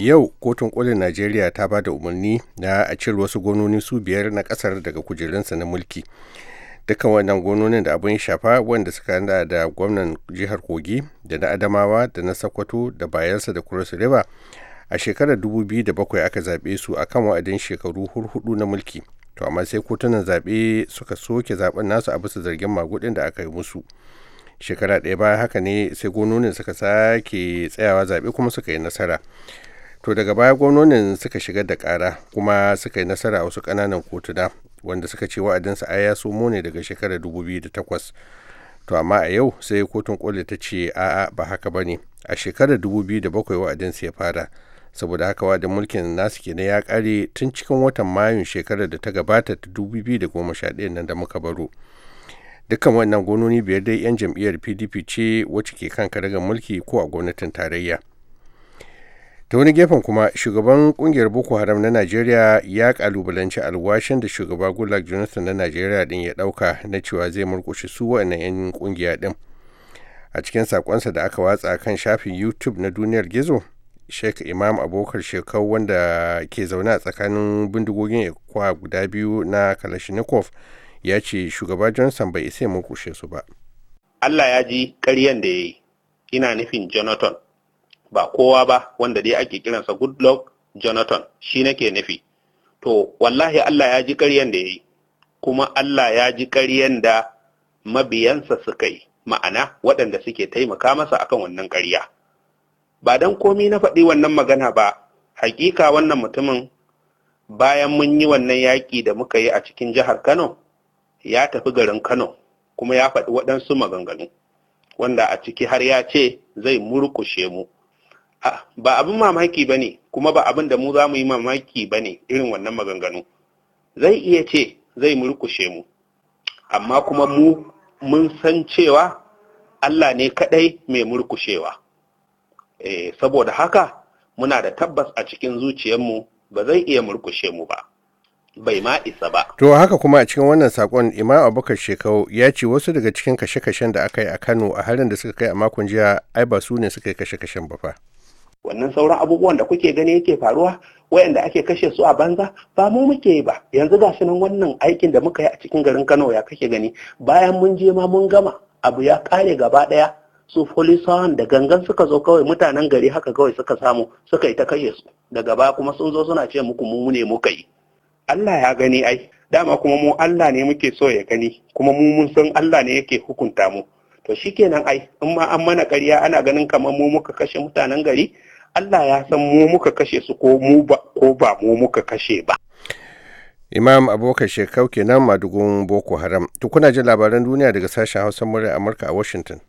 yau kotun kolin najeriya ta ba da umarni na a cire wasu gononi su biyar na kasar daga kujerunsa na mulki dukkan wannan gononin da abin shafa wanda suka hada da gwamnan jihar kogi da na adamawa da na sakwato da bayansa da cross river a shekarar 2007 aka zaɓe su a kan wa'adin shekaru hurhudu na mulki to amma sai kotunan zaɓe suka soke zaɓen nasu a bisa zargin magudin da aka yi musu shekara ɗaya bayan haka ne sai gononin suka sake tsayawa zaɓe kuma suka yi nasara to daga baya gwamnonin suka shiga da kara kuma suka yi nasara a wasu ƙananan kotuna wanda suka ce wa'adinsu a ya somo ne daga shekarar 2008 to amma a yau sai kotun koli ta ce a'a ba haka ba ne a shekarar 2007 wa'adinsu ya fara saboda haka wa'adin mulkin nasu kenan ya kare tun cikin watan mayun shekarar da ta gabata ta 2011 nan da muka baro dukkan wannan gononi biyar dai 'yan jam'iyyar pdp ce wacce ke kan karagar mulki ko a gwamnatin tarayya ta wani gefen kuma shugaban kungiyar boko haram na najeriya ya kalubalanci alwashin da shugaba goodluck jonathan na najeriya din ya dauka na cewa zai murkushe su wa'annan 'yan kungiya din a cikin sakonsa da aka watsa kan shafin youtube na duniyar gizo sheikh imam abokar shekau wanda ke zaune a tsakanin bindigogin kwa guda biyu na kalashnikov ya ce shugaba johnson bai isa murkushe su ba allah ya ji karyan da ya yi ina nufin jonathan ba kowa ba wanda dai ake kiransa goodluck jonathan shi nake nufi to wallahi allah ya ji karyan da ya yi kuma allah ya ji karyan da mabiyansa suka yi ma'ana waɗanda suke taimaka masa akan wannan karya ba don komi na faɗi wannan magana ba hakika wannan mutumin bayan mun yi wannan yaƙi da muka yi a cikin jihar kano ya tafi garin kano kuma ya faɗi waɗansu maganganu wanda a ciki har ya ce zai murƙushe mu ba abin mamaki ba ne kuma ba abin da mu za mu yi mamaki ba ne irin wannan maganganu zai iya ce zai murkushe mu amma kuma mu mun san cewa allah ne kaɗai mai murkushewa e, eh, saboda haka muna da tabbas a cikin zuciyarmu ba zai iya murkushe mu ba bai ma isa ba. To haka kuma a cikin wannan sakon Imam Abubakar Shekau ya ce wasu daga cikin kashe-kashen da aka yi a Kano a harin da suka kai a makon jiya ai ba su ne suka yi kashe-kashen ba fa. wannan sauran abubuwan da kuke gani yake faruwa wayanda ake kashe su a banza ba mu muke yi ba yanzu gashi nan wannan aikin da muka yi a cikin garin Kano ya kake gani bayan mun je ma mun gama abu ya kare gaba daya su folisawan da gangan suka zo kawai mutanen gari haka kawai suka samu suka yi ta kashe su daga baya kuma sun zo suna ce muku mu ne muka yi Allah ya gani ai dama kuma mu Allah ne muke so ya gani kuma mu mun san Allah ne yake hukunta mu to kenan ai in ma an mana ƙarya ana ganin kamar mu muka kashe mutanen gari Allah ya san mu muka kashe su ko mu ba ko ba mu muka kashe ba Imam Aboka Shekau kenan madugun Boko Haram. Tukuna jin labaran duniya daga sashen Hausa murya Amurka a Washington.